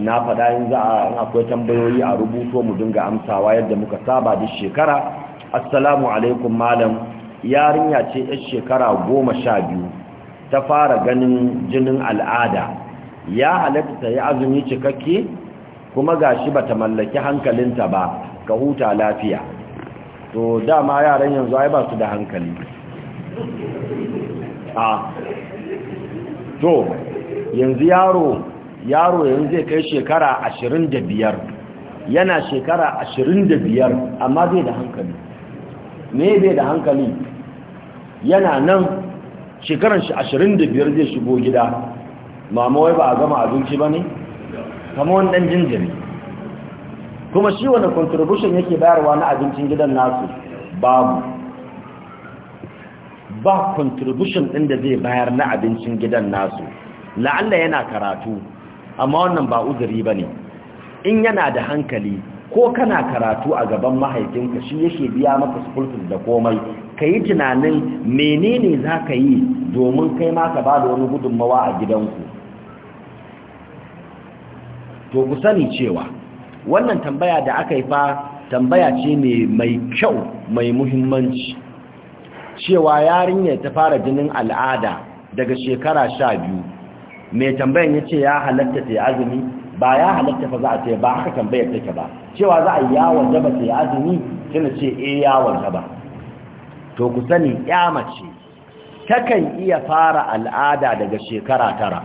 na faɗa yin za a akwai tambayoyi a rubuto mu dinga amsawa yadda muka saba duk shekara assalamu alaikum malam yarinya ce 'yar shekara goma sha biyu ta fara ganin jinin al'ada ya halatta ta yi azumi cikakke kuma ga shi ba ta mallaki hankalinta ba ka huta lafiya to dama yaran yanzu ai ba su da hankali a to yanzu yaro yaro yanzu zai kai shekara ashirin da biyar yana shekara ashirin da biyar amma zai da hankali me bai da hankali yana nan shekaran shi ashirin da biyar zai shigo gida mama wai ba a gama abinci ba ne kama wani ɗan jinjiri kuma shi wani contribution yake bayarwa na abincin gidan nasu babu ba contribution ɗin da zai bayar na abincin gidan nasu la'alla yana karatu amma wannan ba uzuri ba ne in yana da hankali ko kana karatu a gaban mahaifinka shi yake biya maka sufurtus da komai ka yi tunanin menene za ka yi domin kai ma ka ba da wani gudunmawa a gidanku to ku sani cewa wannan tambaya da aka yi fa tambaya ce mai kyau mai muhimmanci cewa yarinya ta fara jinin al'ada daga shekara sha biyu mai tambayan ya ce ya halatta ta azumi ba ya halatta fa za a ce ba haka tambayar take ba cewa za a yi yawon jaba ta yi azumi tana ce e eh, yawon jaba to ku sani ya mace takan iya fara al'ada daga shekara tara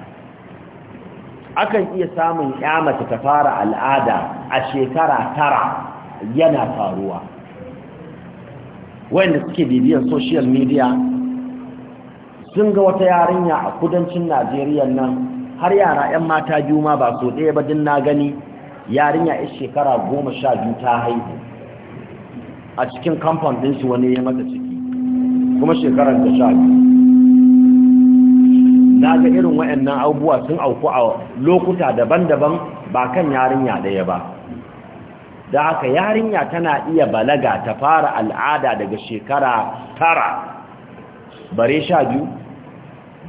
akan iya samun ya mace ta fara al'ada a shekara tara yana faruwa wanda suke bibiyan social media sun ga wata yarinya a kudancin najeriya nan har yara 'yan mata juma ba so ɗaya ba din na gani yarinya ya shekara goma sha biyu ta haihu a cikin kamfan ɗinsu wani ya mata ciki kuma shekarar ta sha biyu na ga irin waɗannan abubuwa sun auku a lokuta daban-daban ba kan yarinya ɗaya ba da haka yarinya tana iya balaga ta fara al'ada daga shekara tara bare sha biyu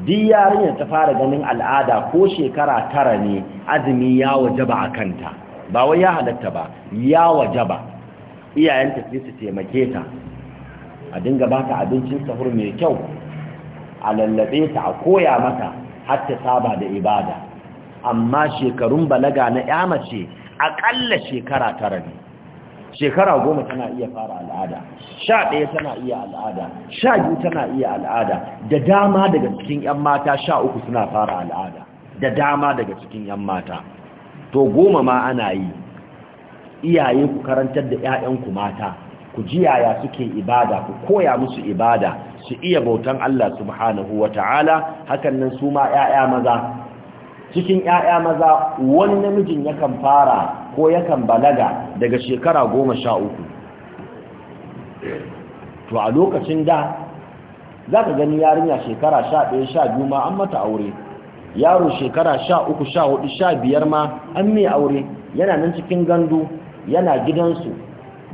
duk yarinyar ta fara ganin al'ada ko shekara tara ne azumi ya wajaba a kanta ba wai ya halatta ba ya ba, iyayenta sai su taimake ta a dinga ba ta abincin sahur mai kyau a lallabe ta a koya mata har ta saba da ibada amma shekarun balaga na ya mace aƙalla shekara tara ne shekara goma tana iya fara al'ada sha ɗaya tana iya al'ada sha biyu tana iya al'ada da dama daga cikin 'yan mata sha uku suna fara al'ada da dama daga cikin 'yan mata to goma ma ana yi iyaye ku karantar da 'ya'yanku mata ku ji yaya suke ibada ku koya musu ibada su iya bautan Allah subhanahu wata'ala hakan nan su ma 'ya'ya maza cikin ‘ya'ya maza wani namijin yakan fara ko yakan balaga daga shekara goma sha uku to a lokacin da za ka gani yarinya shekara sha ɗaya sha biyu ma an mata aure yaro shekara sha uku sha hudu sha biyar ma an mai aure yana nan cikin gandu yana gidansu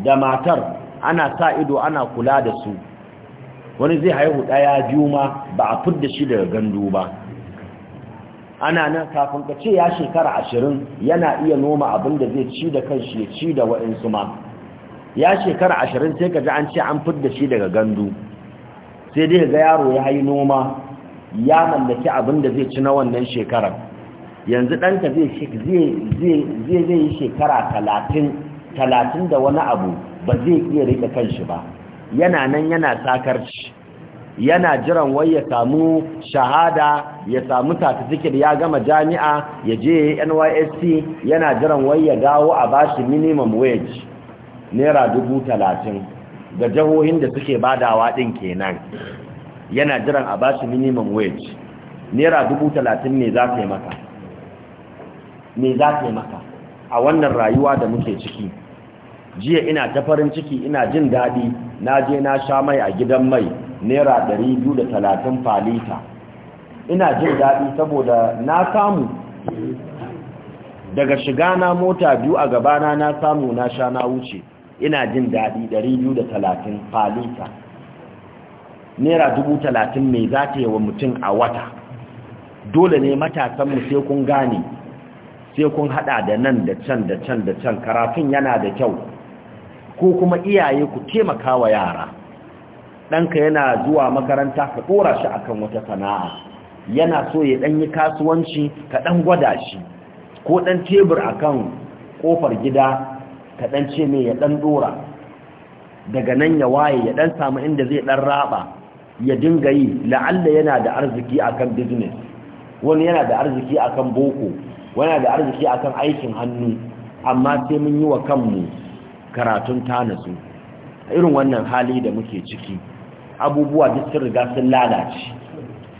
da matar ana sa ido ana kula da su wani zai haihu ɗaya biyu ma ba a fudda shi daga gandu ba ana nan kafin ka ce ya shekara ashirin yana iya noma abin da zai ci da kanshi ya ci da wa'insu ma ya shekara ashirin sai ka ji an ce an da shi daga gandu sai dai ga yaro ya hayi noma ya mallaki abin da zai ci na wannan shekarar yanzu ɗanka zai yi shekara talatin talatin da wani abu ba zai iya rike shi ba yana nan yana sakarci yana jiran wai ya samu shahada ya samu certificate ya gama jami'a ya je NYSC yana jiran wai ya dawo a bashi minimum wage naira dubu talatin ga jahohin da suke badawa din kenan yana jiran a bashi minimum wage naira dubu talatin ne za ta yi maka ne za ta yi maka a wannan rayuwa da muke ciki jiya ina ta farin ciki ina jin daɗi na je na sha mai a gidan mai naira 230 falita ina jin daɗi saboda na samu daga shiga na mota biyu a gabana na samu na sha na wuce ina jin daɗi 230 falita naira talatin mai za ta yi wa mutum a wata dole ne matasanmu sai kun gane sai kun hada da nan da can da can da can karafin yana da kyau ko kuma iyaye ku taimaka wa yara ɗanka yana zuwa makaranta ka ɗora shi akan wata sana'a yana so ya ɗan yi kasuwanci ka ɗan gwada shi ko ɗan tebur akan ƙofar gida ka ɗan ce mai ya ɗan ɗora daga nan ya waye ya ɗan samu inda zai ɗan raba ya dinga yi la'alla yana da arziki akan business wani yana da arziki akan boko wani yana da arziki akan aikin hannu amma sai mun yi wa kanmu karatun tanasu irin wannan hali da muke ciki abubuwa duk sun riga sun lalace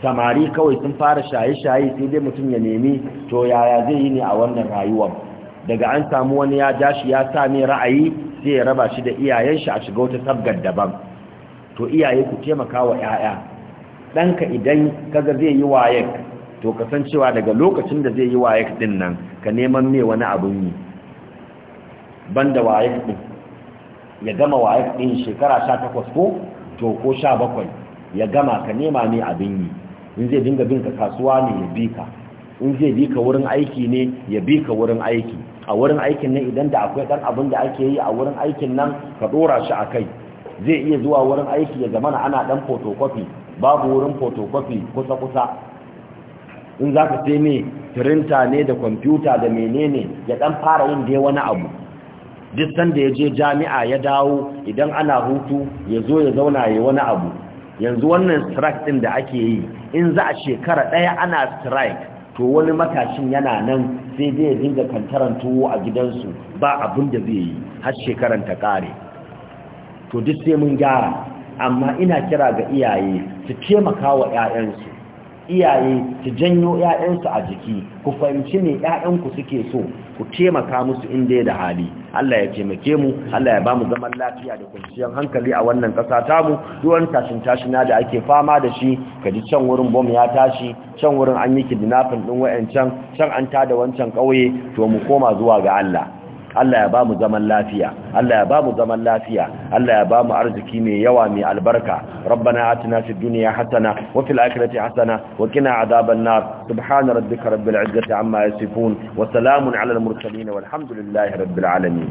samari kawai sun fara shaye-shaye sai dai mutum ya nemi to yaya zai yi ne a wannan rayuwar daga an samu wani ya dashi ya sa ne ra'ayi sai ya raba shi da iyayen shi a shiga wata sabgar daban to iyaye ku taimaka wa 'ya'ya ɗanka idan kaga zai yi waye to kasancewa daga lokacin da zai yi waye din nan ka neman me wani abun yi banda waye din ya gama waye din shekara 18 ko to ko sha bakwai ya gama ka nema ne abin yi in zai dinga bin ka kasuwa ne ya bi ka in zai bi ka wurin aiki ne ya bi ka wurin aiki a wurin aikin nan idan da akwai dan abin da ake yi a wurin aikin nan ka dora shi a kai zai iya zuwa wurin aiki ya zamana ana dan photocopy babu wurin photocopy kusa kusa in zaka ka sai me printer ne da kwamfuta da menene ya dan fara yin dai wani abu duk sanda ya je jami'a ya dawo idan ana hutu ya zo ya zauna ya wani abu yanzu wannan strike din da ake yi in za a shekara ɗaya ana strike to wani matashin yana nan sai dai ya dinga kantaran tuwo a gidansu ba abin da zai yi har shekaran ta ƙare to duk sai mun gyara amma ina kira ga iyaye su taimaka wa 'ya'yansu iyaye su janyo 'ya'yansu a jiki ku fahimci me 'ya'yanku suke so ku taimaka musu inda da hali Allah ya taimake mu Allah ya bamu zaman lafiya da kwanciyar hankali a wannan kasa tamu duwan tashin tashina da ake fama da shi kaji can wurin bom ya tashi can wurin an yi kidnapping din wayancan can an tada wancan kauye to mu koma zuwa ga Allah Allah ya bamu zaman lafiya Allah ya bamu zaman lafiya Allah ya bamu arziki mai yawa mai albarka rabbana atina fid dunya hasana wa fil akhirati hasana wa qina adhaban nar subhana rabbika rabbil izzati amma yasifun wa salamun ala al mursalin walhamdulillahi rabbil alamin